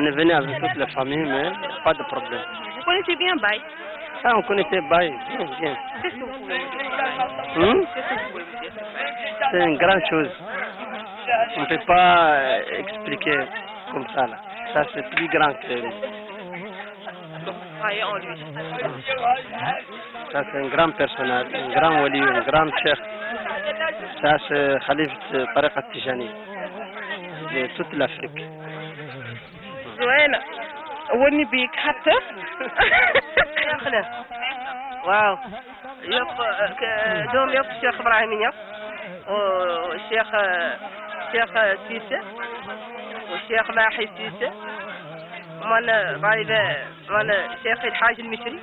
On est venu toute la famille, mais pas de problème. Vous connaissez bien Baye ah, on connaissait bien, bien. quest hmm? C'est une grande chose. On ne peut pas euh, expliquer comme ça, c'est plus grand que... en lui. Ça, c'est un grand personnage, un grand wali, un de toute l'Afrique. join woni bi hatta na waaw yëpp doom yëpp Cheikh Ibrahima Niass Cheikh Cheikh Cissé Cheikh Mahi Cissé man raaybe man Cheikh El Hadj Misri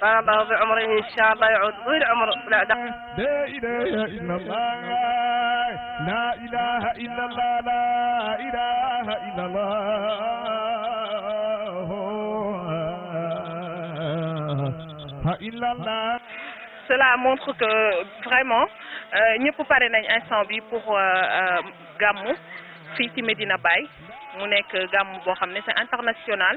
barakallahu bi umri insha Allah yaud ila umr لا إله إلا الله لا إله إلا Cela montre que vraiment euh, ñëpp pare nañ instant pour euh, euh, gàmmu fii ci Medina Baye mu nekk gàmmu boo xam ne c'est international.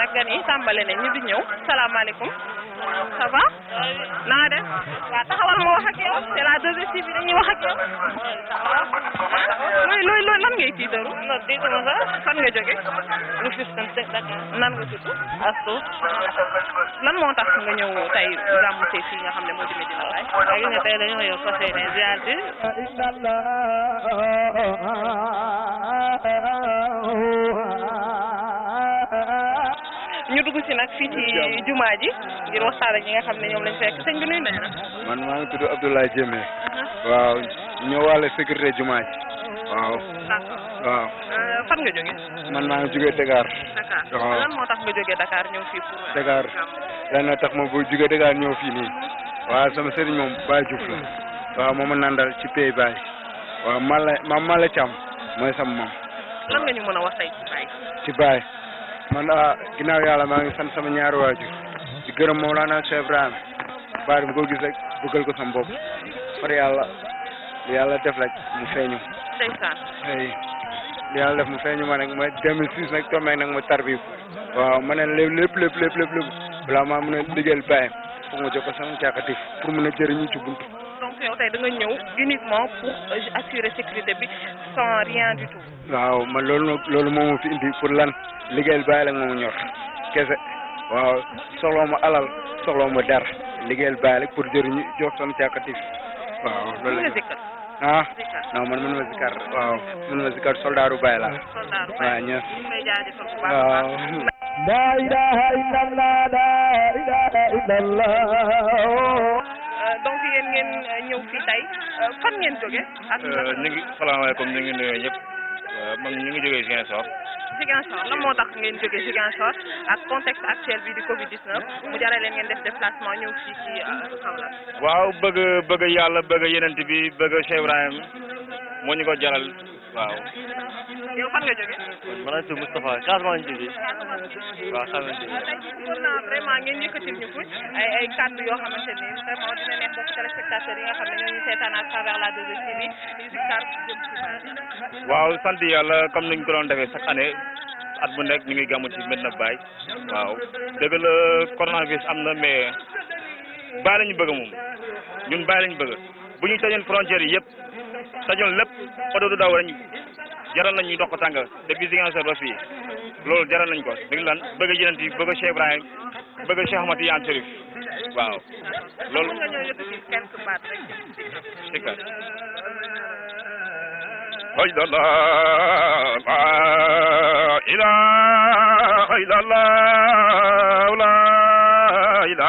nag gan yi tàmbale ne ñu di ñëw salaamaaleykum ça va na nga def waaw taxawal ma wax ak yow c'est la 2STV bi dañuy wax ak yow looy looy looy lan ngay tiitaru non tiituma sax fan nga jóge Rufisque nan nga tudd Astu lan moo tax nga ñëw tey gàmmu tey fii nga xam ne moo di Medina Baye waaw gis nga tey dañoo ñëw fas yéene ziar bi dugg si nag fii ci jumaa ji ngir waxtaan ak ñi nga xam ne ñoom lañ fekk sëñ bi nuyu nañ la. man maa ngi tudd Abdoulaye Jémé. Uh-huh. waaw ñëwaale sécurité jumaa ji. waaw. waaw. Euh, fan nga jógee. maa ngi jógee Dakar. Dakar waaw euh, lan moo tax ma bu jógee Dakar ñëw fii nii. waaw sama sëriñ moom Baye Diouf la. waaw moom nandal ci Pays Baye. waaw Mala ma Mala Thiam mooy sama moom. lan nga ñu mën a wax tey ci Baye. man ah, ginnaaw yàlla maa ngi san sama ñaari waajur di gërëm Mawlana Cheikh Ibrahima baar bu ko gis rek bëggal ko sama bopp far yàlla lu yàlla def rek mu feeñu yàlla mu feeñu ma nag ma 2006 nag tombé nag ma tarbi waaw ma ne lépp lépp lépp lépp lépp balaa maa mën a liggéeyal bàyyam foog ma ko sama càkkatif pour mën a jër ci buntu donc yow tey da nga ñëw uniquement assurer sécurité bi sans rien du tout. man loolu loolu moo ma fi pour lan liggéeyal bàyyi la moom ñor kese waaw soxla ma alal soxla ma dara liggéeyal bàyyi la pour jëriñu jox son càkkatif loolu la ah non man man ma zikar waaw man ma zikar soldaaru bàyyi la waaw ñëpp waaw. la ngeen ngeen euh, ñëw fii tey euh, fan ngeen jóge ak euh, ñu ngi salaamaaleykum ñu ngi nuyoo ñëpp man ñu ngi jógee Ziguinchor Ziguinchor moo tax ngeen joge Ziguinchor ak contexte actuel bi di Covid 19 mu jaree leen ngeen def déplacement ñëw fii ci Kaolack waaw bëgg bëgg yàlla bëgg yenent bi bëgg Cheikh Ibrahim moo ñu ko jaral waaw. yow fan maa ngi tudd Moustapha la 2 yàlla comme ni ñu ko doon defee chaque année. at bu nekk ñu ngi gàmmu ci Medina Baye waaw dëgg la am na mais Baye lañu bëgg moom ñun Baye lañu bëgg bu ñu tëjoon frontières yëpp te ñun lépp oto daw dañ jaral nañ ñu dox ko tànk depuis Ziguinchor ba fii ko dëgg lan bëgg jënanti bëgg Cheikh Ibrahim bëgg Cheikh Ahmad Tidiane Chérif waaw loolu sikka حي الله لا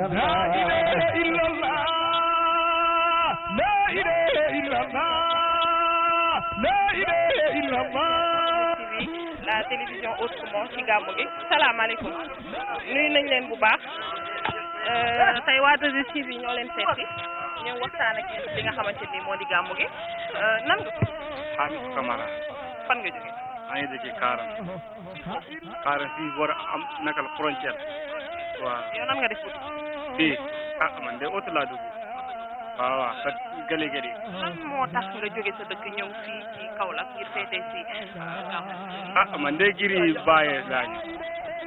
la ah, ah, ah. ilaha illallah la ilaha illallah la ilaha illallah la télévision autrement ci gàmmu gi salaamaaleykum nuyu nañ leen bu baax euh, tey waa 2STV bi ñoo leen seet si ñëw waxtaan ak yéen li nga xamante ni moo di gàmmu gi euh, nan nga. Hamid fan nga jógee. maa ngi dëkkee Kaara. Kaara fii war a am nakal frontière. waaw yow ah man de oto laa dugg. waaw waaw kat gëli ah man de giri bàyyee laa ñu.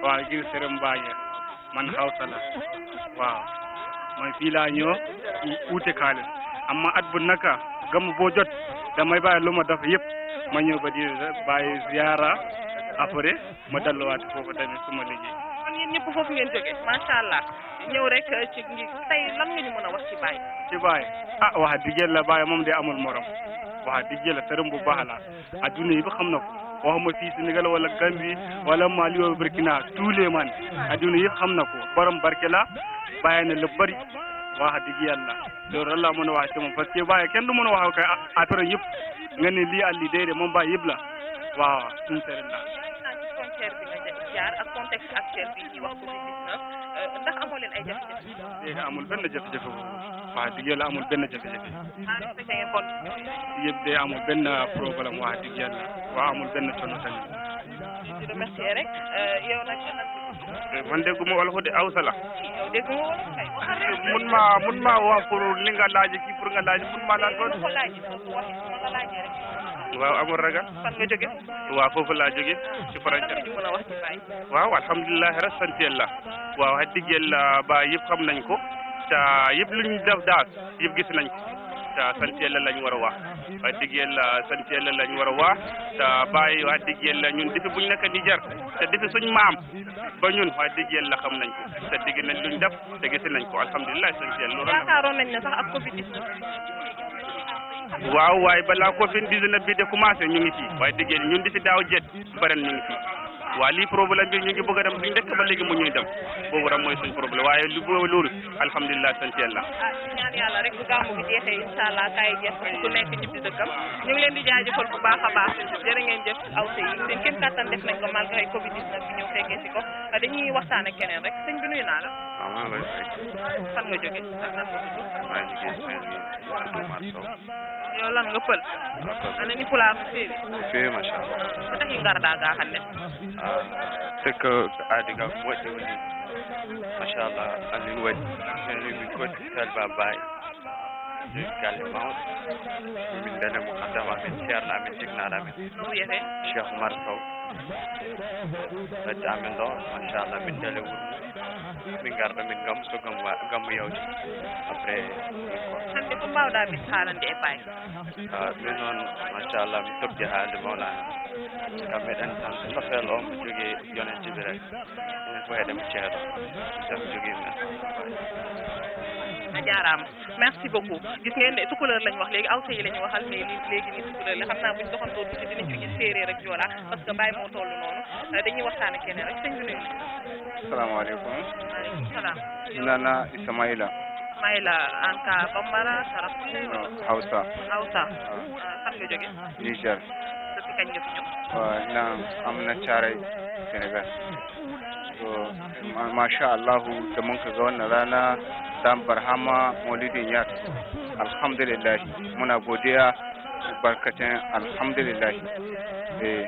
waaw giri sërëm bàyyee man Hausa la waaw man fii laa ñëw uute kaalis amma at bu naka gam boo jot damay bàyyi lu ma def yëpp ma ñëw ba di bàyyi ziyaara après ma delluwaat foofu tamit su ma ñëpp foofu ñëw rek eh, ci ngi tey lan ñu mën a wax ci Baye. ci Baye ah wax dëgg yàlla Baye moom de amul morom wax dëgg yàlla tërëm bu la adduna yi ba xam na ko waxuma fii Sénégal wala Gambie wala Mali wala Burkina tous les man adduna yi xam na ko borom barke la bàyyi na la bëri wax dëgg yàlla loolu lan laa mën a wax ci moom parce que kenn du mën a wax kay affaire yëpp nga ne lii ak lii déedéet moom Baye yëpp la waaw sincèrement. jaar ak contexte actuel bi ci wax Covid 19 ndax amoo leen ay jafe-jafe. dégg amul benn jafe-jafe boobu wax dëgg yàlla amul benn jafe-jafe. ah respecté ngeen kon. yëpp de amul benn problème wax dëgg yàlla waaw amul benn coono tamit. di remercier rek euh, yow nag. Eh, man dégguma wolof de Awsa la. mun ma mun maa wax pour li nga laaj kii pour nga laaj mun maa laaj loolu. waaw amul ragal. fan nga jóge. waaw foofu laa ci frontière bi mën a wax ci Baye. waaw alhamdulilah rek ba yëpp xam nañ ko. te yëpp luñ def daal yëpp gis nañ ko. te sant yàlla lañ war a wax. wax dëgg yàlla sant yàlla lañ wa a wax waa bàyyi wax dëgg yàlla ñun depuis buñ nekk Niger te depuis suñ maam ba ñun wax dëgg yàlla xam nañ ko te digg nañ luñ def te gis nañ ko alhamdulilah sant yàlla loolu yaakaaroon nañ ne sax ak Covid 19 waaw waaye balaa Covid 19 bi de commencé ñu ngi fii waaye dëgg yàlla ñun di fi daaw jet baren ñu ngi waa lii problème bi ñu ngi bëgg a dem duñ dëkk ba léegi mu ñuy dem boobu rek mooy suñ problème waaye lu boobu loolu alhamdulilah sant yàlla. ah ñu ñaan yàlla rek bu gàmmu gi jeexee incha allah kaay jeex ku nekk ñibbi dëkkam ñu di jaajëfal bu baax a baax jërë ngeen jëf aw sa ko malgré Covid 19 ko dañuy waxtaan ak keneen rek sëñ bi nuyu naa la. waaw ah, maa ngi fan nga jógee ak nan nga tudd. yo lan nga pël ana ni pulaar no feewi feewi machallah ko taki garɗaga hannde sikko aadi ga ko moƴƴi woni machallah annin waɗi en yimɓe goɗɗi salba baye jogi galle mawɗe min dane mo kaddam amen ceerno amen tignaɗo amen wiyete cheikh oumar sow hedde amen ɗo machallah min dele wuuro min garɗo min gam so gam wa gammu yawti après hande ko mbawɗa min haalande e baye a ah, min noon machallah mi tobde haalde mawlana sika meɗen tan tofel o mi jogui yonentiɓe rek ɗum fo heɗemi ceeɗo somi jogui men a jaaraama merci beaucoup gis ngeen ne tukulóor lañ wax léegi aw yi la ñu waxal mais li léegi nii tukulóor la xam naa buñ doxantoo tuuti dinañ fi gis séeréer ak joola parce que bàyyi moo toll noonu euh, dañuy waxtaan ak keneen rek sëñ bi nuyu asalaamaaleykum Ismaila Ismaila Anka Bambara Saraf Hausa Hausa ah. fan nga jóge Niger depuis kañ nga fi ñëw waaw naam am na masha Allah da ka ga wannan rana sambar hama maulidin ya alhamdulillah muna godiya barkacin alhamdulillah eh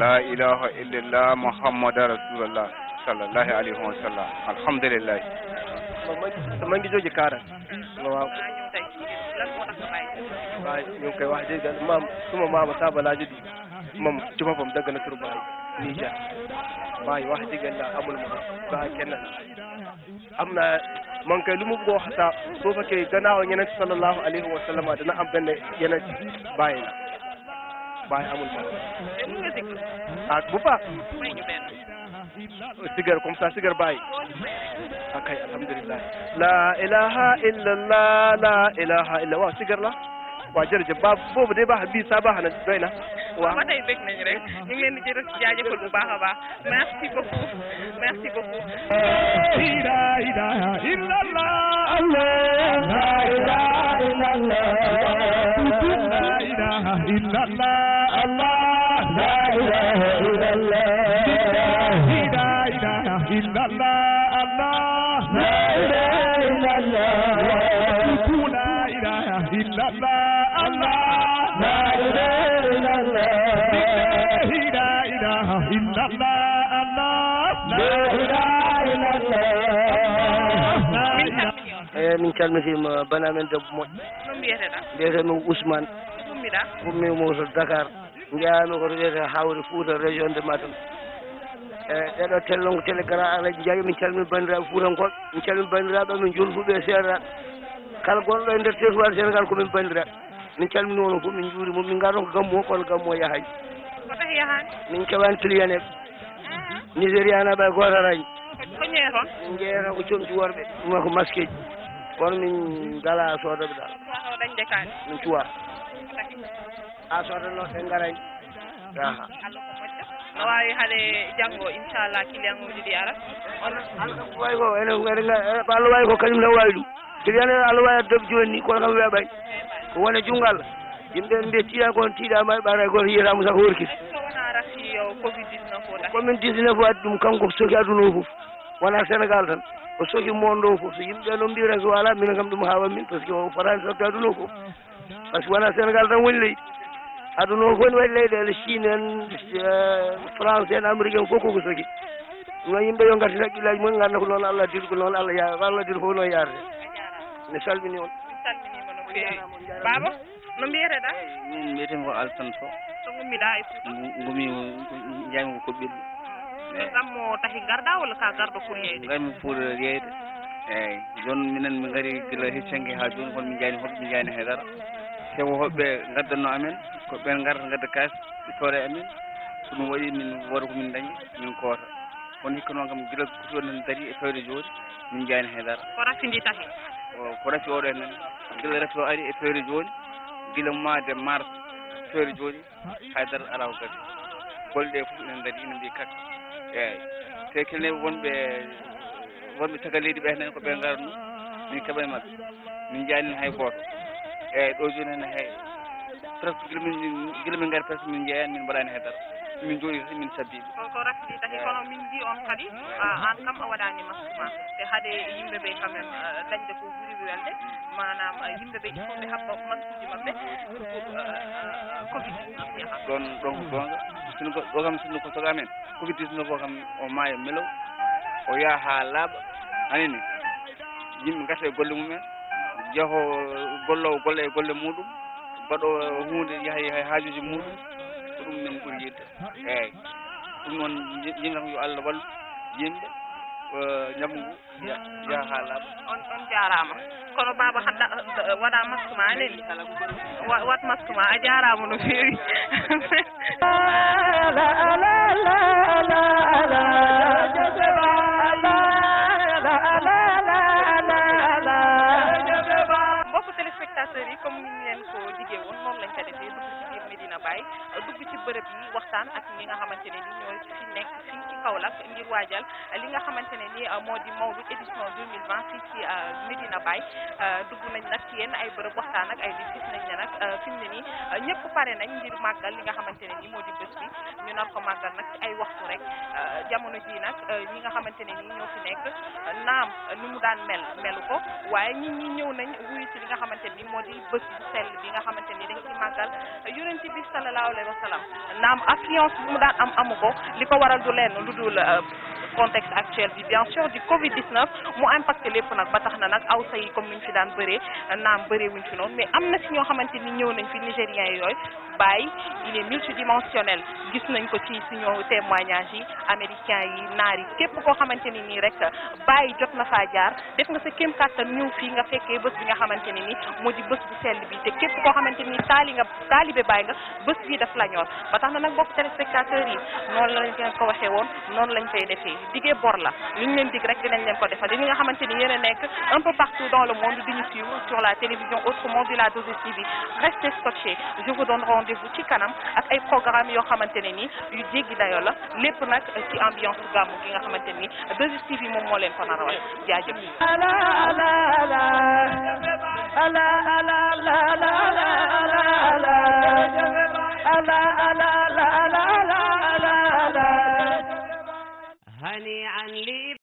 la ilaha illallah muhammadu rasulullah sallallahu alaihi wa sallam alhamdulillah man gi joji kara wa ñu koy wax dëgg mam suma mama saba la jidi mam ci boppam daga na turba Niger baay wax dëgg la amul ma ba kenn na man kay lu ma bëgg wax sax soo fekkee gannaaw yeneen sallallahu alayhi wa sallam dana am benn yeneen bàyyi la amul moom. ah bu baax. sigar comme ça sigar bàyyi. ok alhamdulilah. la ilaha illallah la ilaha sigar la. waaw jërëjëf ba boobu de baax bii saa baax na doy na. waaw ba tey bëgg nañ rek ñu ngi leen di jërëjëf jaajëfal bu baax a baax merci beaucoup merci beaucoup la ilaha illallah la ilaha illallah la ilaha illallah la ilaha illallah la ilaha illallah la ilaha illallah kaya min calmitima banamen debbo moƴƴo ɗum wiyeteta mbiyetemin ousmane ummiɗa ummi mum to dakar jeyami koto wiyete hawre fouta région de matam eyi ɗeɗo tellon ko télé gara alaji jaayi min calmini bandiraɓe fuutankoɓe min calmini bandiraɓe min julfuɓe e seeɗaɗe kala gonɗo e nder ko gammu o kono gammu o yahani ko tahi yahani min keɓani cliyaneɓe ah. nigérianaɓe e gotaraji ko kono ngala sooda ɓe ɗal o dañde kaani min cuwa ha soodanno en garay aha allah ko moƴƴo a wawi haade janggo inchallah client uji ɗi arat on allah way ko ene allah wawi ko kañum tan wawi ɗum kadi ane allah wawi addoɓe joni ni kono kam weeɓay ko wone jungo allah yimɓe mbiye tiiɗa kon tiiɗama ɓaara goto yiyatamo sako horkiti rafi covid 19 o covid 19 o addi ɗum kanko soki aduna o foof wona sénégal tan o sogi mondo fof so yimɓe lomndira so ala minen kam ɗum haawan min par ce que o farani sarte aduna o fof par ce que wona sénégal tan aduna o fof ne waɗi leyɗele chine en france en koko sogi ɗum noon yimɓe yo gartin haqqillaji mumen ganda ko noon allah diri ko noon allah yaa ko allah diri fof mi salmini on salminima no feewi baba no mbiyeteɗa min gammo tahi garɗa walla ka garɗo pour yeyde gami pour yeyde eyyi joni minen mi gaari guila heccangue ha joni kono min jeyani hoɓɓe min jeyani haydara saabu hoɓɓe gaddanno amen ko ɓen garata gadda kaas coore amen so ɗum waɗi min woda komin dañi min koota kono hikka kam guila kutoɗo nan daari e fewde joni min jeyani haydara ko rafi ndi tahi ko rafi oɗo hen nan guila rafi o ari e fewde joni guila mois de mars fewde joni haydara ala ko gadi golɗe e fof eyyi te kene wonɓe wonɓe caggal leydi ɓe tan ko ɓe garatno min keeɓani mabɓe min jaanino hay goto eyyi ɗo joni hen hay presque min guila min gaari presque min jeeyani min mbaɗani haydara min jooɗi min sabbiɓe ko rafidi tahi kono min mbi on kadi ah, an kam a waɗanima ma te haade yimɓeɓe quand même ah, dañde ko ɓuuri welde manam ah, yimɓeɓe il faut ɓe habba masque uji mabɓe surtout covid ɗon ɗon ko gonga sunu ko o kam sunu ko saga men kofiti sunu ko kam o maayo melow o yaha ha laaɓa anene yimɓe gasa e golle mumen jeho gollowo golle e golle muɗum mbaɗo hunde yaha e haajuji muɗum ko ɗum min ɓuuri yidde eyyi ɗum noon jinata yo allah wallu yimɓe Euh, ñamgu jahala on on jarama kono baba hadda euh, waɗa maskuma aneni wat maskuma a jarama no fewi la la la la la Sœurs yi comme ni ñu leen ko jigee woon noonu ak ñi nga xamante ne ni ñoo fi nekk fii ci Kaolack ngir li nga xamante ne ni euh, moo di Mawlid édition 2020 fii ci euh, Medina Baye euh, dugg nañ nag ci yenn bërëb waxtaan ak ay nit nañ ne nag fi mu ne nii ñëpp pare nañ ngir màggal li nga xamante ne ni moo di bés ñu nar ko nag ci ay waxtu rek jamono ji nag ñi nga xamante ne ni ñoo naam ni mu daan mel melu ko waaye ñi ñi ñëw nañ wuyu ci li nga xamante ni moo di sell bi nga xamante ni dañ ci màggal yonent bi sallallahu alayhi wa sallam naam affluence bu mu daan am amu ko li ko waral du lenn lu dul euh, contexte actuel bi bien sûr du Covid 19 mu impacté lépp nag ba tax na nag aw say comme ni ñu fi daan bëree naam bëree wuñ fi noonu mais am na si ñoo xamante ni ñëw nañ fi nigériens yooyu Baye il est multidimensionnel gis nañ ko ci suñu témoignages yi américains yi naar yi képp koo xamante ni nii rek Baye jot na faa jaar def nga sa kéem kàttan ñëw fii nga fekkee bés bi nga xamante ni ni moo di bés bu sell bi te képp koo xamante ni taali nga taalibe Baye nga bés bii daf la ñor ba tax na nag bokk téléspectateurs yi noonu lañ leen ko waxee woon noonu lañ koy defee digee bor la lu ñu leen dig rek dinañ leen ko defal di ñi nga xamante ni yéen a nekk un peu partout dans le monde di ñu suivre sur la télévision autrement de la 2STV restez scotchés je vous rendez-vous ci kanam ak ay programme yoo xamante ne ni yu jéggi dayo la lépp nag ambiance gàmmu gi nga xamante ni 2STV moom moo leen ko narawal jaajëf ala ala ala ala ala ala ala ala ala ala هنيئا لي